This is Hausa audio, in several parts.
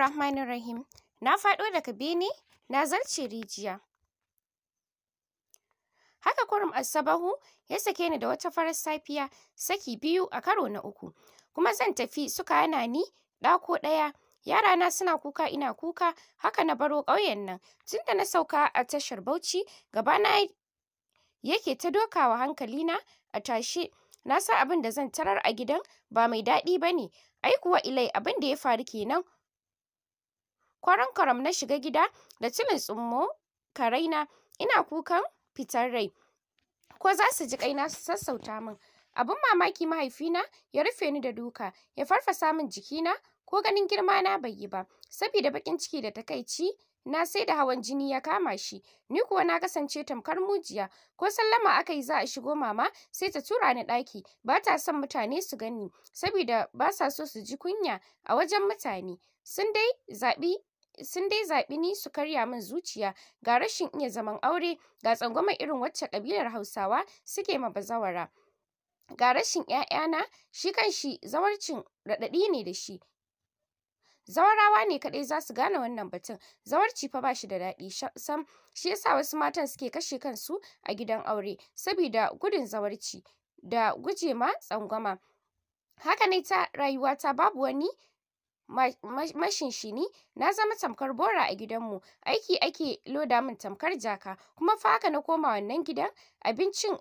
Bismillahirrahmanirrahim. Rahim. Na faɗo daga bene, na zarce rijiya. Haka kurum Asabahu ya sake ni da wata farar safiya saki biyu a karo na uku. Kuma zan tafi suka yana ni ɗako ɗaya. Yarana suna kuka ina kuka haka na baro ƙauyen nan. Tunda na sauka a tashar Bauchi gabana yake ta dokawa hankalina a tashe. Na sa abin da zan tarar a gidan ba mai daɗi ba ne. Ai kuwa Ilai abin da ya faru kenan Kwaran kwaram na shiga gida da tulin tsummo karaina ina kukan fitar rai. Ko za su ji kaina su sassauta min. Abin mamaki mahaifina ya rufe ni da duka, ya farfasa min jikina ko ganin girmana bai yi ba, sabida baƙin ciki da takaici na sai da hawan jini ya kama shi, ni kuwa na kasance tamkar mujiya, ko sallama aka yi za a shigo mama sai ta tura ni ɗaki, ba ta son mutane su gani sabida ba sa so su ji kunya a wajen mutane, sun dai zaɓi sun dai zaɓi ni su karya min zuciya ga rashin iya zaman aure ga tsangwamar irin wacce ƙabilar Hausawa suke ma bazawara ga rashin ‘ya'yana shi kan shi zawarcin raɗaɗi ne da shi zawarawa ne kaɗai za su gane wannan batun zawarci fa ba shi da daɗi sam shi yasa wasu matan suke kashe kansu a gidan aure sabida gudun zawarci da guje ma tsangwama haka ne ta rayuwata babu wani Mashin shini na zama tamkar bora a gidanmu aiki ake loda min tamkar jaka kuma fa haka na koma wannan gidan abincin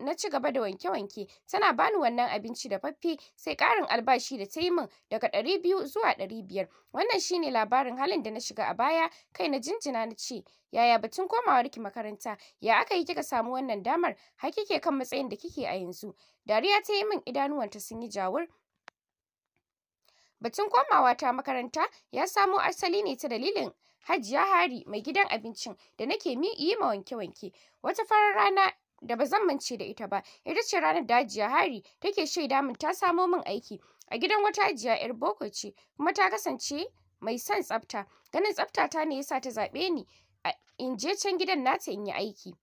na ci gaba da wanke-wanke tana bani wannan abinci da faffe sai ƙarin albashi da ta yi min daga ɗari biyu zuwa ɗari biyar wannan shine labarin halin da na shiga a baya kai na jinjina na ce yaya batun ki makaranta ya aka yi kika samu wannan damar har kike kan matsayin da kike a yanzu dariya ta yi min idanuwanta sun yi jawur Batun komawa ta makaranta ya samo asali ne ta dalilin Hajiya Hari mai gidan abincin da nake yi ma wanke-wanke. Wata farar rana da ba zan mance da ita ba ita ce ranar da Hajiya Hari take shaida min ta samo min aiki a gidan wata Hajiya yar boko ce kuma ta kasance mai son tsafta ganin tsafta ta ne ya sa ta zaɓe ni in je can gidan nata in yi aiki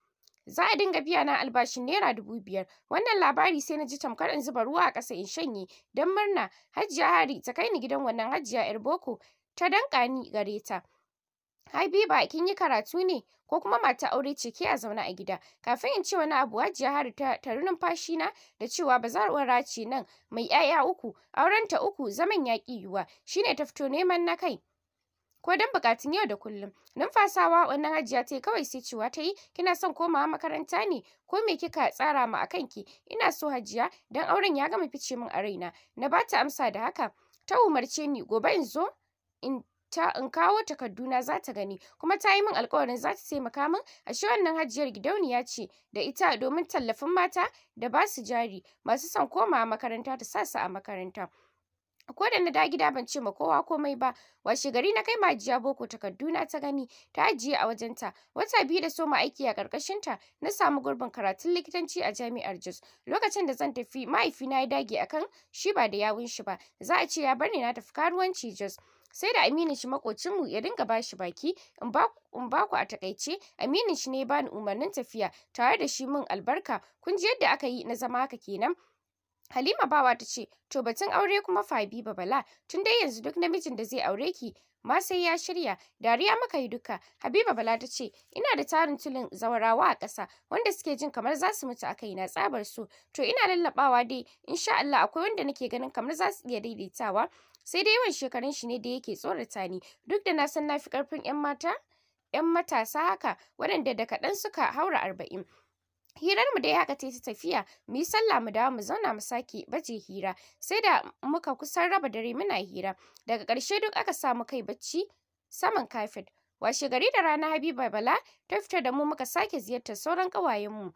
za a dinga biya na albashin naira dubu biyar wannan labari sai na ji tamkar in zuba ruwa a ƙasa in shanye don murna hajiya hari ta kai ni gidan wannan hajiya yar boko ta danƙa ni gare ta Habiba kin yi karatu ne ko kuma mata aure ce ke a zauna a gida kafin in ce wani abu hajiya Hari, ta tari numfashi na da cewa ba za a race nan mai 'ya'ya uku auren ta uku zaman yaƙi yiwuwa shine ta fito neman na kai ko don bukatun yau da kullum numfasawa wannan hajiya ta yi kawai sai cewa ta yi kina son komawa makaranta ne ko me kika tsara ma a kanki ina so hajiya don auren ya gama fice min a raina na ba ta amsa da haka ta umarce ni gobe in zo in ta in kawo takarduna za ta gani kuma ta yi min alkawarin za ta taimaka min ashe wannan hajiyar gidauniya ce da ita domin tallafin mata da ba su jari masu son komawa makaranta ta sa su a makaranta ko da na da gida ban ce ma kowa komai ba washe gari na kai majiya boko takarduna ta gani ta ajiye a wajenta wata biyu da soma aiki a karkashin ta na samu gurbin karatun likitanci a jami'ar Jos lokacin da zan tafi mahaifina ya dage akan shi ba da yawun shi ba za a ce ya bar ni na tafi karuwanci Jos sai da aminin shi makocin mu ya dinga bashi baki in ba ku a takaice aminin shi ne ya bani umarnin tafiya tare da shi min albarka kun ji yadda aka yi na zama haka kenan Halima Bawa ta ce, To batun aure kuma habiba Bala, tun dai yanzu duk namijin da zai aure ki ma sai ya shirya, dariya maka yi duka. Habiba Bala ta ce, Ina da tarin tulin zawarawa a ƙasa wanda suke jin kamar za su mutu a na tsabar su, to ina lallaɓawa dai, insha Allah akwai wanda nake ganin kamar za su iya daidaitawa. Sai dai yawan shekarun shi ne da yake tsorata ni, duk da na san na fi ƙarfin 'yan mata. ‘Yan matasa haka waɗanda da kaɗan suka haura arba'in, hirar mu dai haka ta tafiya mu yi sallah mu dawo mu zauna mu sake baje hira sai da muka kusan raba dare muna hira daga ƙarshe duk aka samu kai bacci saman kafet washe gari da rana habiba bala ta fita da mu muka sake ziyartar sauran ƙawayenmu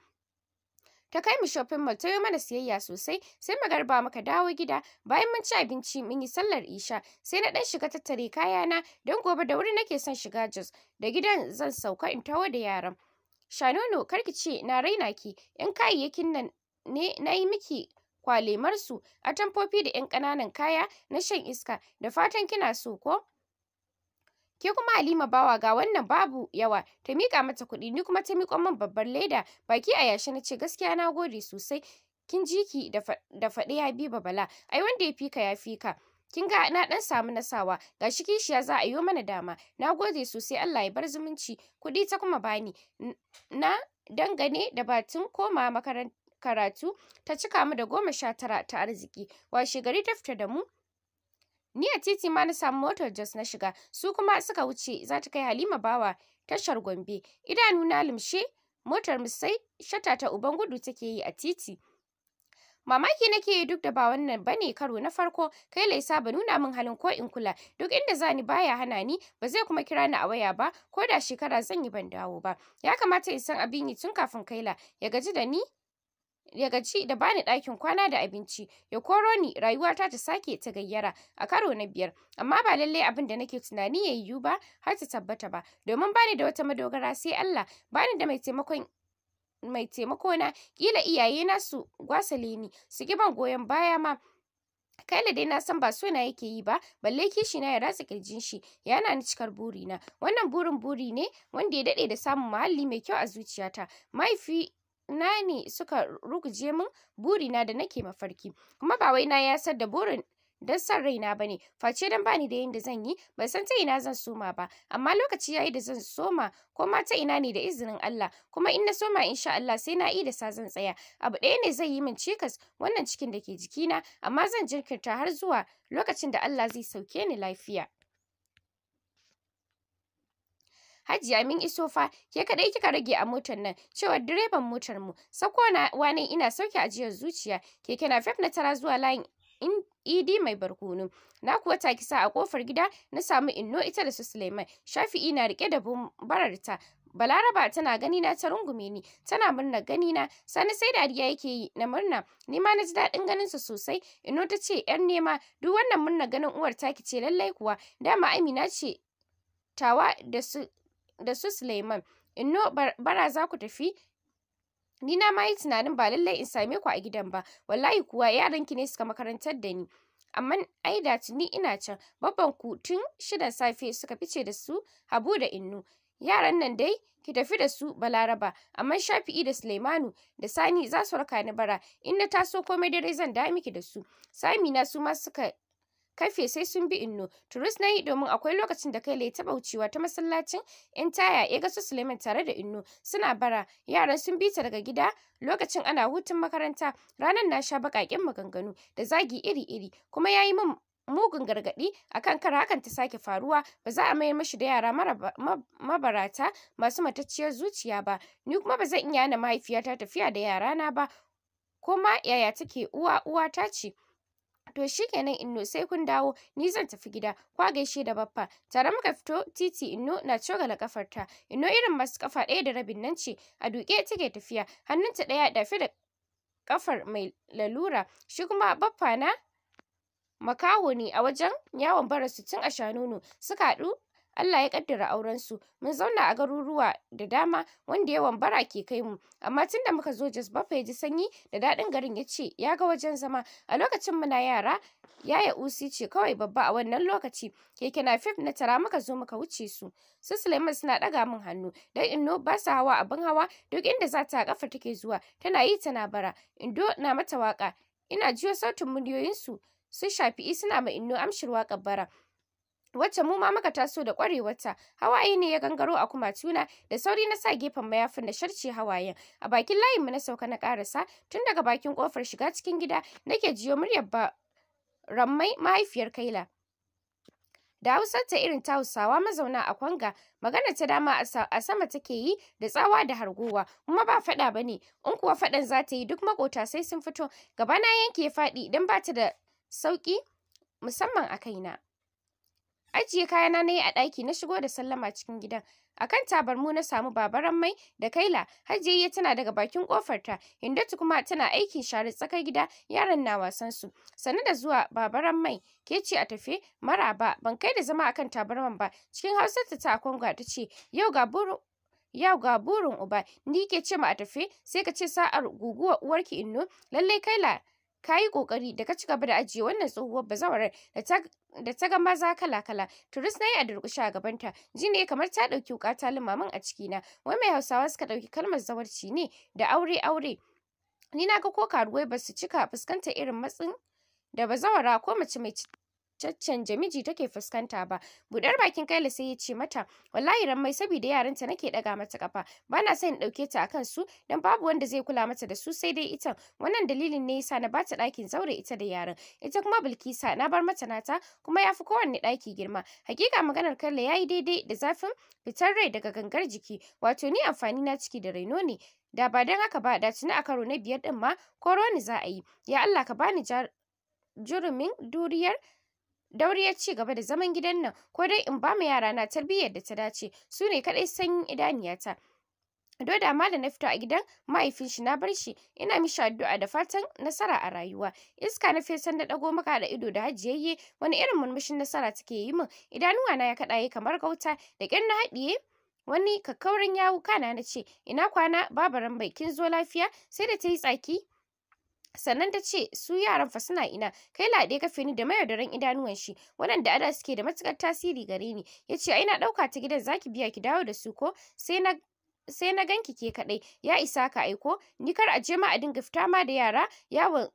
ta kai mu shopping mall ta yi mana siyayya sosai sai mu garba muka dawo gida bayan mun ci abinci mun yi sallar isha sai na ɗan shiga tattare kayana don gobe da wuri nake son shiga jos da gidan zan sauka in tawo da yaran Shanono kar ki ce na raina ki, ‘yan kayayyakin nan ne na yi miki kwalemarsu, atamfofi da ‘yan ƙananan kaya na shan iska, da fatan kina so ko? Ke kuma Halima bawa ga wannan babu yawa, ta miƙa mata kuɗi ni kuma ta miƙo min babbar leda, baki a yashi na ce gaskiya na gode sosai, kin ji ki da faɗi Habiba Bala, ai wanda ya fika ya fika. kin ga na dan samu nasawa gashi kishiya za a yi mana dama na gode sosai Allah ya bar zumunci kuɗi ta kuma bani na dangane da batun koma makarantar karatu ta cika mu da goma sha tara ta arziki washe gari ta fita da mu ni a titi ma na samu motar jos na shiga su kuma suka wuce za ta kai halima bawa tashar gombe idanu na limshe motar mu sai shata ta uban gudu take yi a titi Mamaki nake yi duk da ba wannan bane karo na farko kai Laisa ba nuna min halin ko in kula duk inda zani baya hana ni ba zai kuma kira ni a waya ba ko da shekara zan yi ban dawo ba. Ya kamata in san abin yi tun kafin Kaila ya gaji da ni ya gaji da bani ɗakin kwana da abinci ya koro ni rayuwata ta sake ta gayyara a karo na biyar amma ba lallai abin da nake tunani ya yiwu ba har ta tabbata ba domin bani da wata madogara sai Allah bani da mai taimakon mai taimako na kila iyaye na su gwasale ni su giban goyon baya ma kaila dai na san ba so yake yi ba balle kishi na ya rasa kirjin shi yana ni cikar buri na wannan burin buri ne wanda ya dade da samun muhalli mai kyau a zuciyata mahaifi na ne suka ruguje min burina da nake mafarki kuma ba wai na yasar da burin don san raina ba ne face don bani da yadda zan yi ban san ta ina zan soma ba amma lokaci yayi da zan soma ko ma ta ina ne da izinin Allah kuma in na soma insha Allah sai na yi da sa zan tsaya abu ɗaya ne zai yi min cikas wannan cikin da ke jikina amma zan jinkirta har zuwa lokacin da Allah zai sauke ni lafiya Hajiya amin isofa fa ke kadai kika rage a motar nan cewa direban motar mu sako na wani ina sauke ajiyar zuciya keke na fef na tara zuwa layin idi mai barkono na kuwa taki sa a kofar gida na samu inno ita da su suleiman shafi'i na rike da bararta Balaraba tana gani na ta rungume ni, tana murna gani na sani sai dariya yake yi na murna, ni ma na ji daɗin ganin sa sosai, ino ta ce ‘yar nema, duk wannan murna ganin uwar taki ce lallai kuwa, dama Amina ce tawa da su, da su Suleiman. Inno bara za ku tafi ni na ma yi tunanin ba lallai in same ku a gidan ba wallahi kuwa yaran ki ne suka makarantar da ni amma ai da tuni ina can babban ku tun shidan safe suka fice da su habu da innu yaran nan dai ki tafi da su balaraba amma shafi'i da Suleimanu da sani za su raka ni bara in na taso komai dare zan da miki da su sami na su ma suka karfe sai sun bi inno turus na yi domin akwai lokacin da kai laita taɓa wucewa ta masallacin yan taya ya ga su suleiman tare da inno suna bara yaran sun bi ta daga gida lokacin ana hutun makaranta ranar na sha bakakin maganganu da zagi iri-iri kuma ya yi min mugun gargaɗi akan kar hakan ta sake faruwa ba za a mayar mashi da yara mabarata masu matacciyar zuciya ba ni kuma ba zan iya hana mahaifiyata tafiya da yarana ba ko ma yaya take uwa uwa ta ce To shi kenan Inno sai kun dawo ni zan tafi gida kwa gaishe da baffa tare muka fito titi Inno na cogala kafarta Inno irin masu kafa ɗaya da rabin nan ce a duke take tafiya hannunta ɗaya da dafe da kafar mai lalura shi kuma baffa na makaho ne a wajen yawon barasu tun a shanunu suka haɗu Allah ya kaddara su mun zauna a garuruwa da dama wanda yawan bara ke kai mu amma tunda muka zo Jos bafa ya ji sanyi da daɗin garin ya ce ya ga wajen zama a lokacin muna yara yaya usi ce kawai babba a wannan lokaci keke na fif na tara muka zo muka wuce su su Suleiman suna ɗaga min hannu dan inno ba sa hawa abin hawa duk inda za ta kafa take zuwa tana yi tana bara indo na mata waka ina jiyo sautin su sun shafi'i suna ma inno amshir waƙar bara wacce mu ma muka taso da kwarewarta hawaye ne ya gangaro a kuma kumatuna da sauri na sa gefen mayafin da sharce hawayen a bakin layin mu na sauka na karasa tun daga bakin kofar shiga cikin gida nake jiyo muryar ba rammai mahaifiyar kaila da ta irin ta hausawa mazauna a kwanga magana ta dama a sama take yi da tsawa da hargowa kuma ba faɗa ba ne in kuwa faɗan za ta yi duk makota sai sun fito gabana yanke faɗi idan ba ta da sauƙi musamman a kaina Ajiye kayana na yi a ɗaki na shigo da sallama cikin gidan. Akan tabarmu na samu babaran mai da kaila, hajiyayya tana daga bakin kofarta Hindatu kuma tana aikin share tsakar gida, yaran na wasan su. Sannu da zuwa babaran mai, ke ce a tafe, mara ba ban kai da zama akan tabarman ba. Cikin hausarta ta akwanga ta ce, yau ga buru yau ga burin uba, ni ke ce ma a tafe, sai ka ce sa'ar guguwa uwarki inno, lallai kaila ka yi kokari da ka ci gaba da ajiye wannan tsohuwar bazawarar da ta gama za kala-kala. Turis na yi a durƙushe a gabanta, ji ne kamar ta ɗauki wuƙa ta limamin a cikina. Wai mai Hausawa suka ɗauki kalmar zawarci ne da aure-aure. Ni na ga ko karuwai ba su cika fuskantar irin matsin da bazawara ko mace mai caccanje miji take fuskanta ba budar bakin kaila sai ya ce mata wallahi ran mai saboda yaranta nake daga mata kafa ba na sai in dauke ta akan su dan babu wanda zai kula mata da su sai dai ita wannan dalilin ne yasa na bata ɗakin zaure ita da yaran ita kuma Bilkisa na bar mata nata kuma yafi kowanne ɗaki girma hakika maganar kaila yayi daidai da zafin fitar rai daga gangar jiki wato ni amfani na ciki da raino ne da ba don haka ba da tuni a karo na biyar din ma koro ni za a yi ya Allah ka bani jarumin duriyar dauri ya ci gaba da zaman gidan nan ko dai in ba yara na tarbiyyar da ta dace su ne kadai sanyin idaniyata Doda ma da na fito a gidan mahaifin shi na bar shi ina mishi addu'a da fatan nasara a rayuwa. Iska na fesan da dago maka da ido da hajiyayye wani irin murmushin nasara take yi min idanuwa na ya kaɗaye kamar gauta da kyan na haɗiye wani kakkaurin yawu kana na ce ina kwana babaran bai kin zo lafiya sai da ta yi tsaki sannan ta ce su yaran fa suna ina kai laɗe kafe ni da mayaudaran idanuwan shi waɗanda ada suke da matukar tasiri gare ni ya ce ina ɗauka ta gidan zaki biya ki dawo da su ko sai na sai na ganki ke kaɗai ya isa ka aiko ni kar a je ma a dinga fita ma da yara yawon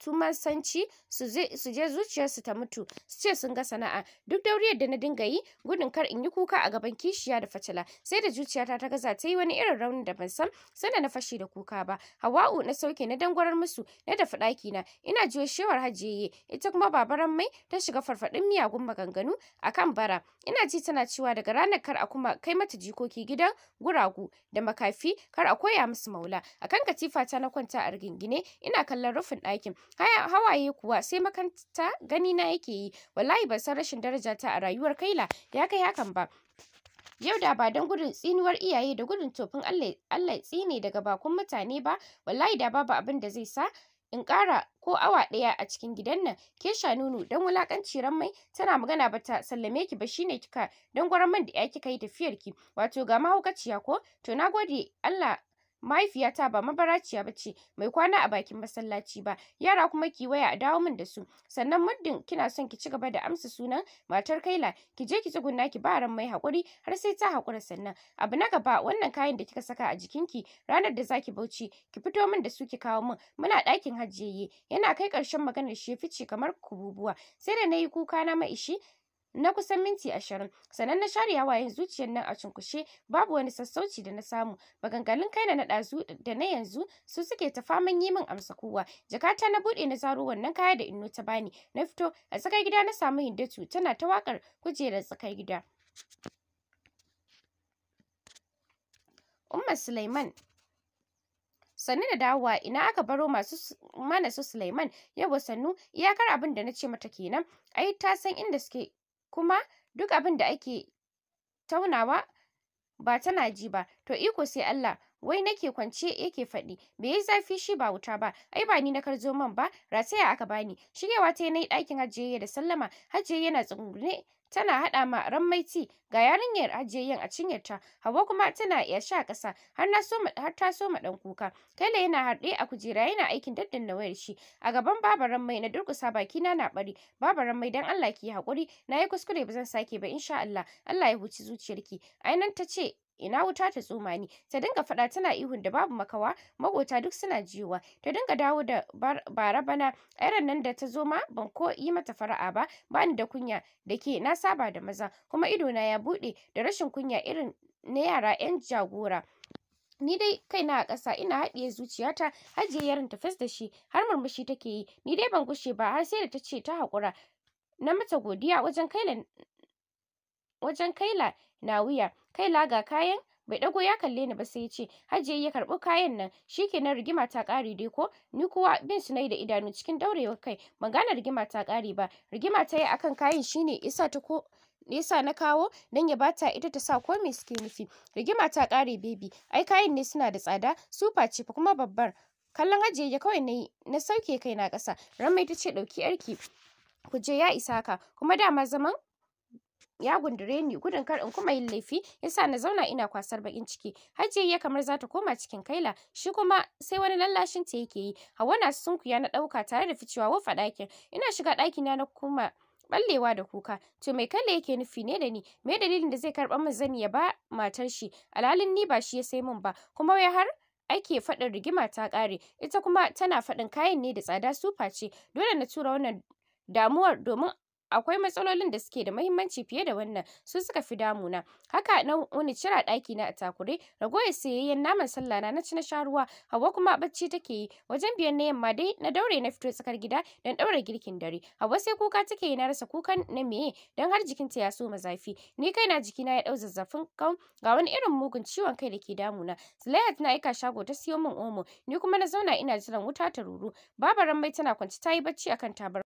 tumasanci su je zuciyarsu ta mutu su ce sun ga sana'a duk dauriyar da na dinga yi gudun kar in yi kuka a gaban kishiya da fatala sai da zuciyata ta gaza ta yi wani irin raunin da ban san sanda na fashe da kuka ba hawa'u na sauke na dangwarar musu na dafa ɗaki na ina jiyo shewar hajiye ita kuma babaran mai ta shiga farfaɗin miyagun maganganu a kan bara ina ji tana cewa daga ranar kar a kuma kai mata jikoki gidan guragu da makafi kar a koya musu maula akan katifa ta na kwanta a rigingine ina kallon rufin ɗakin hawaye kuwa sai makanta gani na yake yi wallahi ban san rashin daraja ta a rayuwar kaila ya kai hakan ba yau da ba don gudun tsinuwar iyaye da gudun tofin Allah Allah tsine daga bakun mutane ba wallahi da babu abin da zai sa in ƙara ko awa ɗaya a cikin gidan nan ke shanunu dan wulakanci ran mai tana magana bata sallame ki ba shine kika dan man da ya kika yi tafiyar ki wato ga mahaukaciya ko to gode Allah mahaifiyata ba mabaraciya ba ce mai kwana a bakin masallaci ba yara kuma ki waya a dawo min da su sannan muddin kina son ki ci gaba da amsa sunan matar kaila ki je ki tsugunna ki ba ran mai haƙuri har sai ta haƙura sannan abu na gaba wannan kayan da kika saka a jikinki ranar da zaki bauchi ki fito min da su ki kawo min muna ɗakin hajjiyayye yana kai ƙarshen maganar shi fice kamar kububuwa sai da na yi kuka na ma ishi? na kusan minti ashirin sannan na share yawayen zuciyar nan a cunkushe babu wani sassauci da na samu maganganun kaina na ɗazu da na yanzu su suke ta faman yi min amsa kowa jakata na buɗe na zaro wannan kaya da inno ta bani na fito a tsakar gida na samu hindatu tana ta wakar kujerar tsakar gida Umma Suleiman sannu da dawowa ina aka baro masu mana su Suleiman yau sannu iyakar abin da na ce mata kenan ai ta san inda suke kuma duk abin da ake taunawa ba tana ji ba to iko sai Allah wai nake kwance yake faɗi bai yayi zafi shi ba wuta ba ai ba ni na karzo man ba rataya aka bani shigewa ta yi dakin ɗakin hajjiyayya da sallama hajjiyayya yana tsungune tana haɗa ma rammaiti ga yarinyar yin a cinyarta hawa kuma tana iya sha ƙasa har na so har ta so ɗan kuka taila yana harɗe a kujera yana aikin na wayar shi a gaban baba rammai, na durƙusa baki na na bari baba rammai, dan Allah ki haƙuri na yi kuskure ba zan sake ba insha Allah Allah ya huci zuciyarki ainan ta ce ina wuta ta tsoma ni ta dinga faɗa tana ihun da babu makawa magota duk suna jiyowa ta dinga dawo da bara bana irin nan da ta zo ma ban ko yi mata fara'a ba bani da kunya da ke na saba da maza kuma ido na ya buɗe da rashin kunya irin na yara 'yan jagora ni dai kaina a ƙasa ina haɗiye zuciyata hajiye yaron ta fes da shi har murmushi take yi ni dai ban gushe ba har sai da ta ce ta haƙura na mata godiya wajen kaila wajen kaila na wuya kai laga kayan bai dago ya kalle ni ba sai ya ce hajiya ya karbi kayan nan shi shikenan rigima ta kare dai ko ni kuwa bin su nayi da idanu cikin daurewa kai ban gane rigima ta kare ba rigima ta yi akan kayan shine isa ta ko nisa na kawo dan ya bata ita ta sa ko me suke nufi rigima ta kare bebi ai kayan ne suna da tsada super ce fa kuma babbar kallon hajiya ya kawai nayi na sauke kai na kasa ramai ta ce ɗauki yarki kuje ya isa ka kuma dama zaman ya gundure ni gudun kar in kuma yin laifi yasa na zauna ina kwasar bakin ciki hajiya kamar za ta koma cikin kaila shi kuma sai wani lallashin ta yake yi hawa na sunkuya na dauka tare da ficewa wufa ɗakin ina shiga ɗakin na kuma ballewa da kuka to mai kalle yake nufi ne da ni me dalilin da zai karɓar min zani ya ba matar shi alhalin ni ba shi ya sai min ba kuma wai har ake faɗin rigima ta ƙare ita kuma tana faɗin kayan ne da tsada sufa ce dole na tura wannan damuwar domin akwai matsalolin da suke da mahimmanci fiye da wannan su suka fi damuna haka na wani cira daki na a takure ragowar sayayyen naman sallah na na ci na sha ruwa hawa kuma bacci take yi wajen biyan na yamma dai na daure na fito tsakar gida don daura girkin dare hawa sai kuka take yi na rasa kukan na meye don har jikinta ya soma mazafi. ni kai na jiki na ya dau zazzafin kan ga wani irin mugun ciwon kai da ke damuna zulayat na aika shago ta siyo min omo ni kuma na zauna ina jiran wuta ta ruru babaran mai tana kwanci ta yi bacci akan tabar